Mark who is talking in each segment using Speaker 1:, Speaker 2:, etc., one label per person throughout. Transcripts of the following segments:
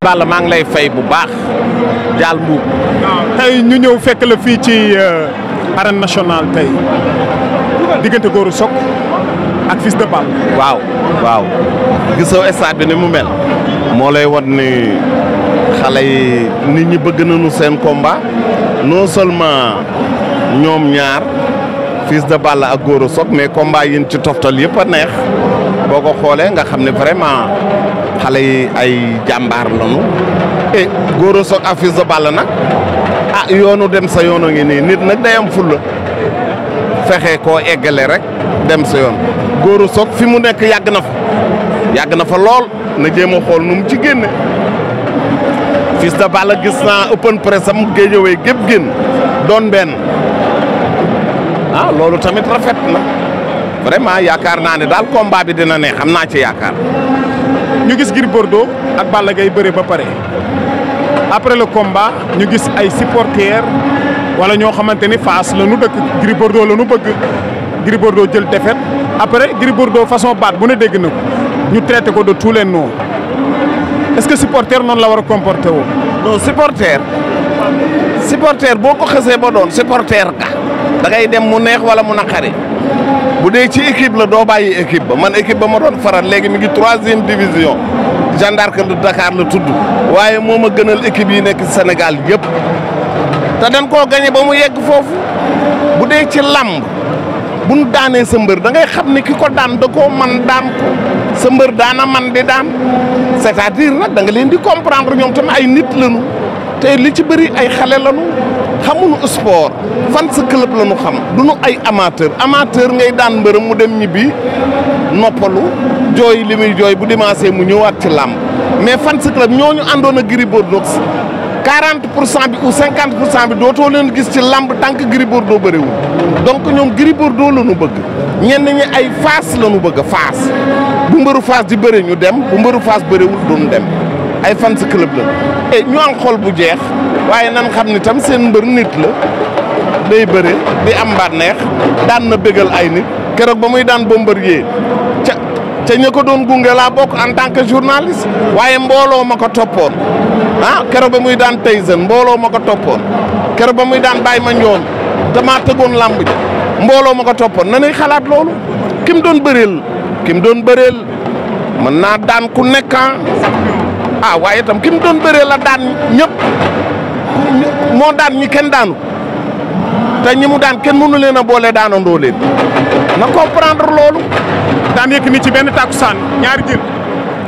Speaker 1: Balla maa ngi lay fay bu baax jaal mbuub tey ñu ñëw fekk la fii ci euh, arène nationale tey diggante Gora Sock ak Fils de Balla waaw waaw gisoo stade bi ni mu mel moo lay won ni xale yi nit ñi bëgg nañu seen combat non seulement ñoom ñaar Fils de Balla ak Gora Sock mais combat yiñ ci toftal yëpp a neex boo ko xoolee nga xam ne vraiment xale yi ay jàmbaar lañu e eh, Gora Sock ak Fils de Balla nag ah, yoonu dem sa yoon a nii nit nag day am fulla fexe koo eggale rek dem sa yoon Gora Sock fi mu nekk yàgg na fa yàgg na fa lool na jéem a xool num ci génne Fils de Balla gis naa open press am géejëwee gépp génn doon benn ah loolu tamit rafet na vraiment yaakaar naa ne daal combat bi dina ne am naa ci yaakaar ñu gis Gris Bordeaux ak Balla Gaye bëre ba pare après le combat ñu gis ay supporters wala ñoo xamante ni Fass la ñu dëkk Gris Bordeaux la ñu bëgg Gris Bordeaux jël défaite après Gris Bordeaux façon baat bu ne dégg na ko ñu traité ko de tous les noms est-ce que supporter noonu la war a comporter woo. non supporter supporter boo ko xasee ba doon supporter ka da ngay dem mu neex wala a xari bu dee ci équipe la doo bàyyi équipe ba man équipe ba ma doon faral léegi mi ngi troisième division gendarme de Dakar la tudd waaye moo ma gënal équipe yi nekk Sénégal yëpp te dañ koo gañe ba mu yegg foofu bu dee ci làmb bu nu daanee sa mbër da ngay xam ni ki ko daan da koo man daan ko sa mbër daana man di daan cest nag da nga leen di comprendre ñoom tamit ay nit lañu te li ci bëri ay xale la lañu xamuñu sport fan sa la lañu xam du duñu ay amateur amateur ngay daan mbërëm mu dem ñibbi noppalu jooy li muy jooy bu dimanche mu ñëwaat ci làmb mais fan sa club ñooñu àndoon ak Gris Bordeaux 40 pour cent bi ou cent bi dootoo leen gis ci làmb tant que Gris Bordeaux bëriwul donc ñoom Gris Bordeaux la ñu bëgg ñenn ñi ay Fass la ñu bëgg Fass bu mbëru Fass di bëri ñu dem bu mbëru Fass bëriwul duñu dem ay fan sa club la. e ñu am xol bu jeex waaye nan xam ni tam seen mbër nit la day bëre di am bànneex daan na bégal ay nit keroog ba muy daan Bombardier ca ca ña ko doon gunge laa bokk en tant que journaliste waaye mbooloo ma ko toppoon ah keroog ba muy daan Tyson mbooloo ma ko toppoon keroog ba muy daan Baye Mandione damaa tëggoon làmb ji mbooloo ma ko toppoon na nay xalaat loolu kim doon bëreel kim doon bëreel mën naa daan ku ah. ah waaye itam kim mu doon bëree la daan ñëpp moo daan ñi kenn daanu te ñi mu daan kenn mënu leen a boole daanandoo leen na comprendre loolu. daan yëkk ni ci benn tàkkusaan ñaari jël.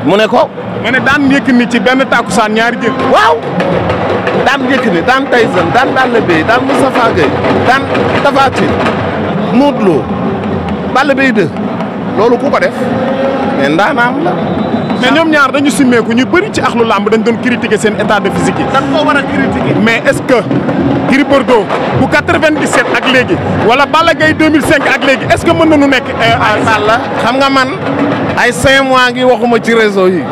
Speaker 1: mu ne ko. ma ne daan yëkk ni ci benn tàkkusaan ñaari jël. waaw daan yëkk ni daan Tyson daan Balla Gaye daan Moustapha Gueye daan Tapha Tine Modou Lo Balla Gaye loolu ku ko def mais ndaanaam mais ñoom ñaar dañu simmeeku ñu bëri ci axlu làmb dañ doon critiquer seen état de physique yi. dañ koo war a critiquer. mais est-ce que Gris Bordeaux bu 97 ak léegi wala Balla Gaye 2005 ak léegi est-ce que mën nañu nekk. Euh, ay Balla xam nga man ay cinq mois ngi waxuma ci réseau yi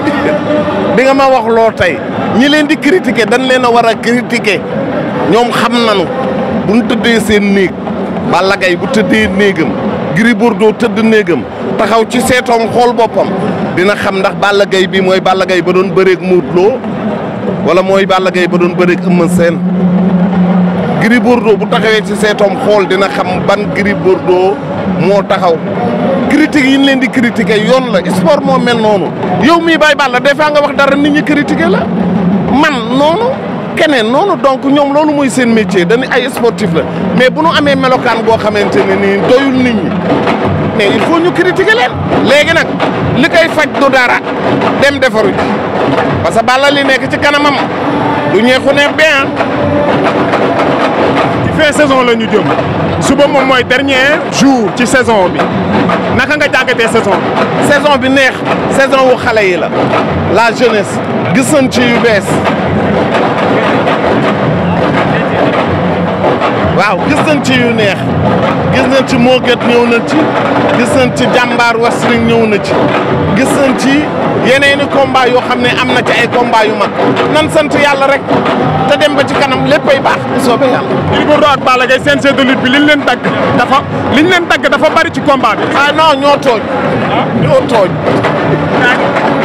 Speaker 1: bi nga ma wax loo tey ñi leen di critiquer dañ leen a war a critiquer ñoom xam nañu bu ñu tëddee seen néeg Balla Gaye bu tëddee néegam Gris Bordeaux tëdd néegam. taxaw ci seetoom xool boppam dina xam ndax Balla Gaye bii mooy Balla Gaye ba doon bëreeg Modou loo wala mooy Balla Gaye ba doon bëreeg Eumeu Sène Gris Bordeaux bu taxawee ci seetoom xool dina xam ban Gris Bordeaux moo taxaw critiques yi ñu leen di critiquer yoon la sport moo mel noonu yow mii Baye Balla des fois nga wax dara nit ñi critiquer la man noonu keneen noonu donc ñoom loolu mooy seen métier dañu ay sportif la mais bu nu amee melokaan boo xamante ne nii doyul nit mais il faut ñu critiquer leen léegi nag li koy faj du dara dem defaru parce que bala li nekk ci kanamam du ñeexu ne bien. Ah. ci fin saison la ñu jëm suba moom mooy dernier jour ci saison bi naka nga jàngatee saison bi. saison bi neex saison wu xale yi la la jeunesse gis nañ ci yu bees. waaw gis nañ ci yu neex gis nañ ci Moget ñëw na ci gis nañ ci jàmbaar Wrestling ñëw na ci gis nañ ci yeneeni combat yoo xam ne am na ci ay combat yu mag nan sant yàlla rek te dem ba ci kanam léppay baax bu soobee yàlla. Gris Bordeaux ak Balla Gaye seen de lutte bi liñ leen dagg dafa liñ leen dagg dafa bari ci combat bi. ah non ñoo tooj. Ah. ñoo tooj.